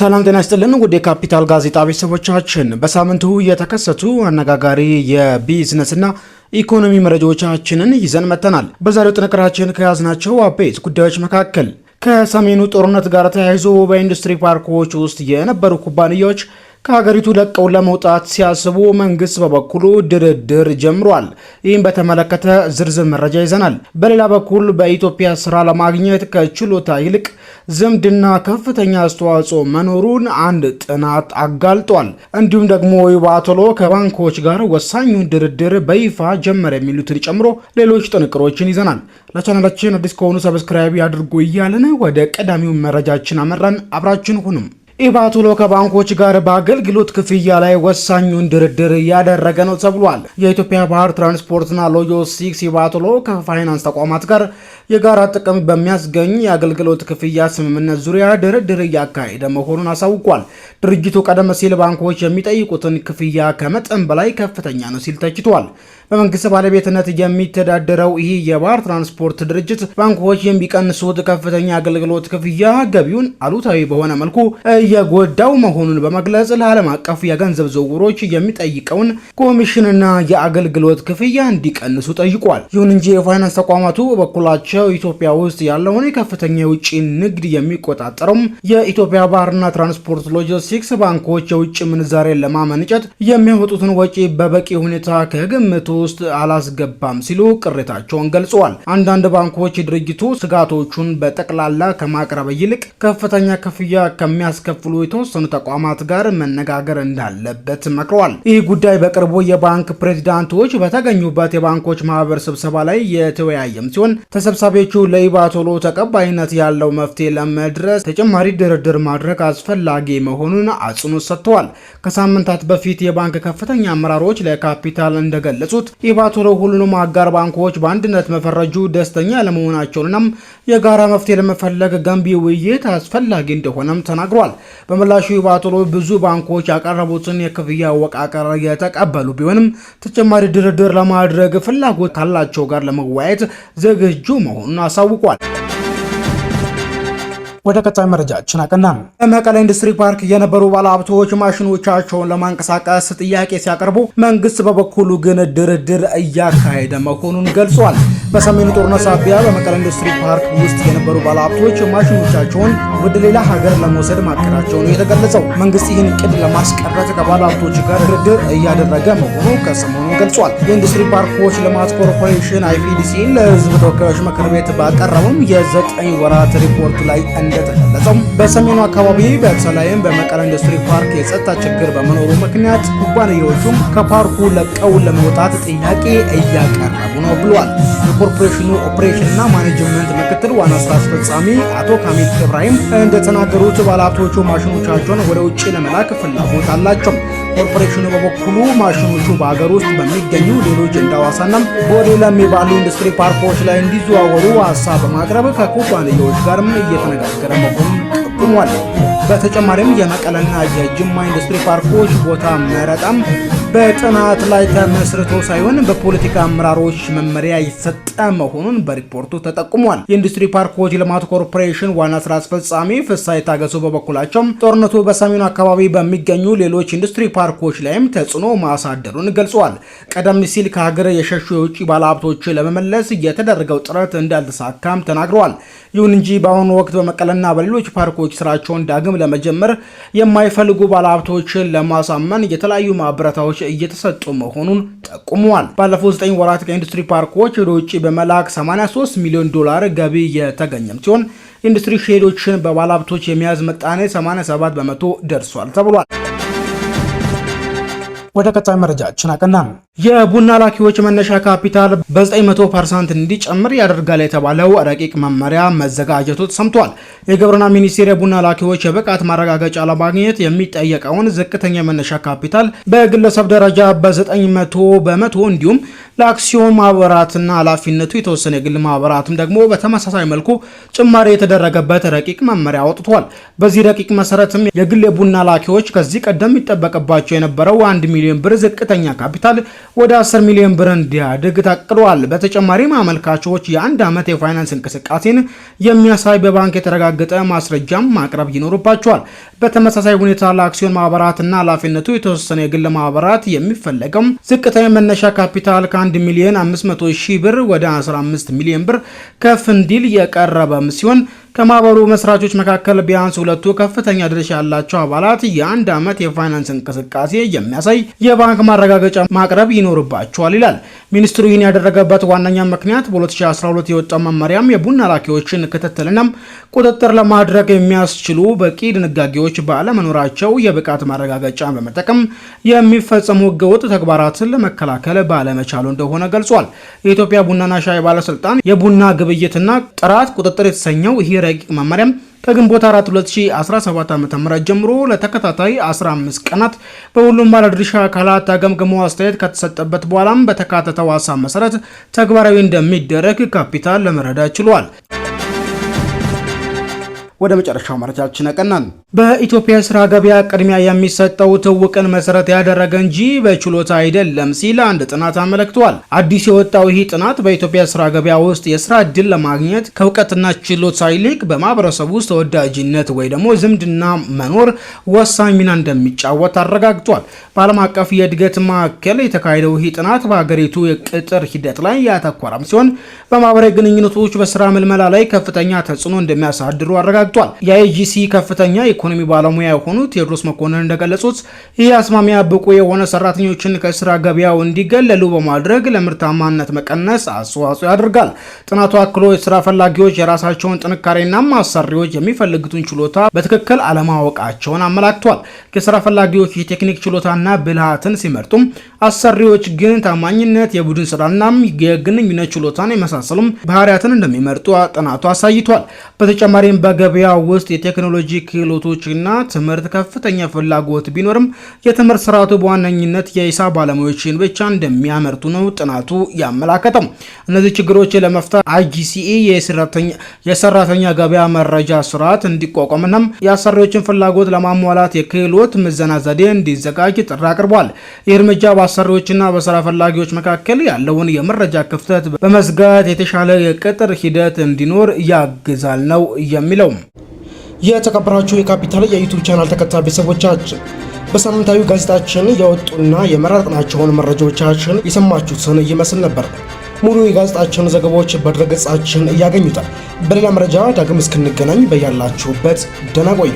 ሰላም ጤና ይስጥልን ውድ የካፒታል ጋዜጣ ቤተሰቦቻችን፣ በሳምንቱ የተከሰቱ አነጋጋሪ የቢዝነስና ኢኮኖሚ መረጃዎቻችንን ይዘን መጥተናል። በዛሬው ጥንቅራችን ከያዝናቸው አበይት ጉዳዮች መካከል ከሰሜኑ ጦርነት ጋር ተያይዞ በኢንዱስትሪ ፓርኮች ውስጥ የነበሩ ኩባንያዎች ከሀገሪቱ ለቀው ለመውጣት ሲያስቡ መንግስት በበኩሉ ድርድር ጀምሯል። ይህም በተመለከተ ዝርዝር መረጃ ይዘናል። በሌላ በኩል በኢትዮጵያ ስራ ለማግኘት ከችሎታ ይልቅ ዝምድና ከፍተኛ አስተዋጽኦ መኖሩን አንድ ጥናት አጋልጧል። እንዲሁም ደግሞ ይባቶሎ ከባንኮች ጋር ወሳኙን ድርድር በይፋ ጀመረ የሚሉትን ጨምሮ ሌሎች ጥንቅሮችን ይዘናል። ለቻናላችን አዲስ ከሆኑ ሰብስክራይብ ያድርጉ እያልን ወደ ቀዳሚው መረጃችን አመራን። አብራችን ሁኑም ኢባቱሎ ከባንኮች ጋር በአገልግሎት ክፍያ ላይ ወሳኙን ድርድር እያደረገ ነው ተብሏል። የኢትዮጵያ ባህር ትራንስፖርትና ሎጂስቲክስ ኢባቱሎ ከፋይናንስ ተቋማት ጋር የጋራ ጥቅም በሚያስገኝ የአገልግሎት ክፍያ ስምምነት ዙሪያ ድርድር እያካሄደ መሆኑን አሳውቋል። ድርጅቱ ቀደም ሲል ባንኮች የሚጠይቁትን ክፍያ ከመጠን በላይ ከፍተኛ ነው ሲል ተችቷል። በመንግስት ባለቤትነት የሚተዳደረው ይህ የባህር ትራንስፖርት ድርጅት ባንኮች የሚቀንሱት ከፍተኛ አገልግሎት ክፍያ ገቢውን አሉታዊ በሆነ መልኩ እየጎዳው መሆኑን በመግለጽ ለዓለም አቀፍ የገንዘብ ዝውውሮች የሚጠይቀውን ኮሚሽንና የአገልግሎት ክፍያ እንዲቀንሱ ጠይቋል። ይሁን እንጂ የፋይናንስ ተቋማቱ በበኩላቸው ኢትዮጵያ ውስጥ ያለውን የከፍተኛ የውጭ ንግድ የሚቆጣጠረውም የኢትዮጵያ ባህርና ትራንስፖርት ሎጂስቲክስ ባንኮች የውጭ ምንዛሬን ለማመንጨት የሚያወጡትን ወጪ በበቂ ሁኔታ ከግምት ውስጥ አላስገባም ሲሉ ቅሬታቸውን ገልጸዋል። አንዳንድ ባንኮች ድርጅቱ ስጋቶቹን በጠቅላላ ከማቅረብ ይልቅ ከፍተኛ ክፍያ ከሚያስከፍ ክፍሉ የተወሰኑ ተቋማት ጋር መነጋገር እንዳለበት መክረዋል። ይህ ጉዳይ በቅርቡ የባንክ ፕሬዚዳንቶች በተገኙበት የባንኮች ማህበር ስብሰባ ላይ የተወያየም ሲሆን ተሰብሳቢዎቹ ለይባ ቶሎ ተቀባይነት ያለው መፍትሄ ለመድረስ ተጨማሪ ድርድር ማድረግ አስፈላጊ መሆኑን አጽንኦት ሰጥተዋል። ከሳምንታት በፊት የባንክ ከፍተኛ አመራሮች ለካፒታል እንደገለጹት ኢባ ቶሎ ሁሉንም አጋር ባንኮች በአንድነት መፈረጁ ደስተኛ ለመሆናቸውንናም የጋራ መፍትሄ ለመፈለግ ገንቢ ውይይት አስፈላጊ እንደሆነም ተናግሯል። በምላሹ ባትሮ ብዙ ባንኮች ያቀረቡትን የክፍያ አወቃቀር የተቀበሉ ቢሆንም ተጨማሪ ድርድር ለማድረግ ፍላጎት ካላቸው ጋር ለመወያየት ዝግጁ መሆኑን አሳውቋል። ወደ ቀጣይ መረጃችን አቀና። በመቀለ ኢንዱስትሪ ፓርክ የነበሩ ባለሀብቶች ማሽኖቻቸውን ለማንቀሳቀስ ጥያቄ ሲያቀርቡ መንግስት በበኩሉ ግን ድርድር እያካሄደ መሆኑን ገልጿል። በሰሜኑ ጦርነት ሳቢያ በመቀለ ኢንዱስትሪ ፓርክ ውስጥ የነበሩ ባለሀብቶች ማሽኖቻቸውን ወደ ሌላ ሀገር ለመውሰድ ማቀዳቸው ነው የተገለጸው። መንግስት ይህን ቅድ ለማስቀረት ከባለሀብቶች ጋር ድርድር እያደረገ መሆኑ ከሰሞኑን ገልጿል። የኢንዱስትሪ ፓርኮች ልማት ኮርፖሬሽን አይፒዲሲ ለህዝብ ተወካዮች ምክር ቤት ባቀረበም የዘጠኝ ወራት ሪፖርት ላይ እንደተገለጸው በሰሜኑ አካባቢ በተለይም በመቀለ ኢንዱስትሪ ፓርክ የጸጥታ ችግር በመኖሩ ምክንያት ኩባንያዎቹም ከፓርኩ ለቀው ለመውጣት ጥያቄ እያቀረቡ ነው ብሏል። የኮርፖሬሽኑ ኦፕሬሽንና ማኔጅመንት ምክትል ዋና ስራ አስፈጻሚ አቶ ካሚል እብራሂም እንደተናገሩት ባለሀብቶቹ ማሽኖቻቸውን ወደ ውጭ ለመላክ ፍላጎት አላቸው። ኮርፖሬሽኑ በበኩሉ ማሽኖቹ በሀገር ውስጥ በሚገኙ ሌሎች እንደ ሐዋሳና ቦሌ ለሚባሉ ኢንዱስትሪ ፓርኮች ላይ እንዲዘዋወሩ ሀሳብ በማቅረብ ከኩባንያዎች ጋርም እየተነጋገረ መሆኑን ጠቁሟል። በተጨማሪም የመቀለና የጅማ ኢንዱስትሪ ፓርኮች ቦታ መረጣም በጥናት ላይ ተመስርቶ ሳይሆን በፖለቲካ አመራሮች መመሪያ የተሰጠ መሆኑን በሪፖርቱ ተጠቁሟል። የኢንዱስትሪ ፓርኮች ልማት ኮርፖሬሽን ዋና ስራ አስፈጻሚ ፍሳይ ታገሱ በበኩላቸው ጦርነቱ በሰሜኑ አካባቢ በሚገኙ ሌሎች ኢንዱስትሪ ፓርኮች ላይም ተጽዕኖ ማሳደሩን ገልጿል። ቀደም ሲል ከሀገር የሸሹ የውጭ ባለሀብቶች ለመመለስ የተደረገው ጥረት እንዳልተሳካም ተናግረዋል። ይሁን እንጂ በአሁኑ ወቅት በመቀለና በሌሎች ፓርኮች ስራቸውን ዳግም ለመጀመር የማይፈልጉ ባለሀብቶችን ለማሳመን የተለያዩ ማበረታዎች እየተሰጡ መሆኑን ጠቁመዋል። ባለፉት 9 ወራት ከኢንዱስትሪ ፓርኮች ወደ ውጭ በመላክ 83 ሚሊዮን ዶላር ገቢ የተገኘም ሲሆን ኢንዱስትሪ ሼዶችን በባለሀብቶች የመያዝ ምጣኔ 87 በመቶ ደርሷል ተብሏል። ወደ ቀጣይ መረጃችን አቀናም። የቡና ላኪዎች መነሻ ካፒታል በ900 ፐርሰንት እንዲጨምር ያደርጋል የተባለው ረቂቅ መመሪያ መዘጋጀቱ ተሰምቷል። የግብርና ሚኒስቴር የቡና ላኪዎች የብቃት ማረጋገጫ ለማግኘት የሚጠየቀውን ዝቅተኛ የመነሻ ካፒታል በግለሰብ ደረጃ በ900 በመቶ እንዲሁም ለአክሲዮን ማህበራትና ኃላፊነቱ የተወሰነ የግል ማህበራትም ደግሞ በተመሳሳይ መልኩ ጭማሪ የተደረገበት ረቂቅ መመሪያ አውጥቷል። በዚህ ረቂቅ መሰረትም የግል የቡና ላኪዎች ከዚህ ቀደም ይጠበቅባቸው የነበረው 1 ሚሊዮን ብር ዝቅተኛ ካፒታል ወደ 10 ሚሊዮን ብር እንዲያድግ ታቅዷል። በተጨማሪም አመልካቾች የአንድ ዓመት የፋይናንስ እንቅስቃሴን የሚያሳይ በባንክ የተረጋገጠ ማስረጃም ማቅረብ ይኖርባቸዋል። በተመሳሳይ ሁኔታ ለአክሲዮን ማህበራትና ኃላፊነቱ የተወሰነ የግል ማህበራት የሚፈለገው ዝቅተኛ መነሻ ካፒታል ከ1 ሚሊዮን 500 ሺህ ብር ወደ 15 ሚሊዮን ብር ከፍ እንዲል የቀረበም ሲሆን ከማህበሩ መስራቾች መካከል ቢያንስ ሁለቱ ከፍተኛ ድርሻ ያላቸው አባላት የአንድ ዓመት የፋይናንስ እንቅስቃሴ የሚያሳይ የባንክ ማረጋገጫ ማቅረብ ይኖርባቸዋል ይላል። ሚኒስትሩ ይህን ያደረገበት ዋነኛ ምክንያት በ2012 የወጣው መመሪያም የቡና ላኪዎችን ክትትልና ቁጥጥር ለማድረግ የሚያስችሉ በቂ ድንጋጌዎች ባለመኖራቸው የብቃት ማረጋገጫ በመጠቀም የሚፈጸሙ ህገወጥ ተግባራትን ለመከላከል ባለመቻሉ እንደሆነ ገልጿል። የኢትዮጵያ ቡናና ሻይ ባለስልጣን የቡና ግብይትና ጥራት ቁጥጥር የተሰኘው ይህ ረቂቅ መመሪያም ከግንቦት 4 2017 ዓ.ም ጀምሮ ለተከታታይ 15 ቀናት በሁሉም ባለድርሻ አካላት ተገምግሞ አስተያየት ከተሰጠበት በኋላም በተካተተው ሀሳብ መሰረት ተግባራዊ እንደሚደረግ ካፒታል ለመረዳት ችሏል። ወደ መጨረሻው መረጃችን ያቀናል። በኢትዮጵያ ስራ ገበያ ቅድሚያ የሚሰጠው ትውቅን መሰረት ያደረገ እንጂ በችሎታ አይደለም ሲል አንድ ጥናት አመለክቷል። አዲስ የወጣው ይህ ጥናት በኢትዮጵያ ስራ ገበያ ውስጥ የስራ እድል ለማግኘት ከእውቀትና ችሎታ ይልቅ በማህበረሰብ ውስጥ ተወዳጅነት ወይ ደግሞ ዝምድና መኖር ወሳኝ ሚና እንደሚጫወት አረጋግጧል። በዓለም አቀፍ የእድገት ማዕከል የተካሄደው ይህ ጥናት በሀገሪቱ የቅጥር ሂደት ላይ ያተኮረም ሲሆን በማህበራዊ ግንኙነቶች፣ በስራ ምልመላ ላይ ከፍተኛ ተጽዕኖ እንደሚያሳድሩ አረጋግጧል። ተረጋግጧል። የአይጂሲ ከፍተኛ ኢኮኖሚ ባለሙያ የሆኑት ቴዎድሮስ መኮንን እንደገለጹት ይህ አስማሚያ ብቁ የሆነ ሰራተኞችን ከስራ ገበያው እንዲገለሉ በማድረግ ለምርታማነት መቀነስ አስተዋጽኦ ያደርጋል። ጥናቱ አክሎ የስራ ፈላጊዎች የራሳቸውን ጥንካሬና አሰሪዎች የሚፈልጉትን ችሎታ በትክክል አለማወቃቸውን አመላክቷል። የስራ ፈላጊዎች የቴክኒክ ችሎታና ብልሃትን ሲመርጡም፣ አሰሪዎች ግን ታማኝነት፣ የቡድን ስራና የግንኙነት ችሎታን የመሳሰሉም ባህሪያትን እንደሚመርጡ ጥናቱ አሳይቷል። በተጨማሪም በገበያ በኮሪያ ውስጥ የቴክኖሎጂ ክህሎቶችና ትምህርት ከፍተኛ ፍላጎት ቢኖርም የትምህርት ስርዓቱ በዋነኝነት የሂሳብ ባለሙያዎችን ብቻ እንደሚያመርቱ ነው ጥናቱ ያመላከተው። እነዚህ ችግሮች ለመፍታት አይጂሲኢ e የሰራተኛ ገበያ መረጃ ስርዓት እንዲቋቋምና የአሰሪዎችን ፍላጎት ለማሟላት የክህሎት ምዘና ዘዴ እንዲዘጋጅ ጥሪ አቅርቧል። ይህ እርምጃ በአሰሪዎችና በስራ ፈላጊዎች መካከል ያለውን የመረጃ ክፍተት በመዝጋት የተሻለ የቅጥር ሂደት እንዲኖር ያግዛል ነው የሚለው። የተከበራችሁ የካፒታል የዩቱብ ቻናል ተከታታይ ቤተሰቦቻችን በሳምንታዊ ጋዜጣችን የወጡና የመረጥናቸውን መረጃዎቻችን የሰማችሁትን ይመስል ነበር። ሙሉ የጋዜጣችን ዘገባዎች በድረገጻችን ያገኙታል። በሌላ መረጃ ዳግም እስክንገናኝ በያላችሁበት ደህና ቆዩ።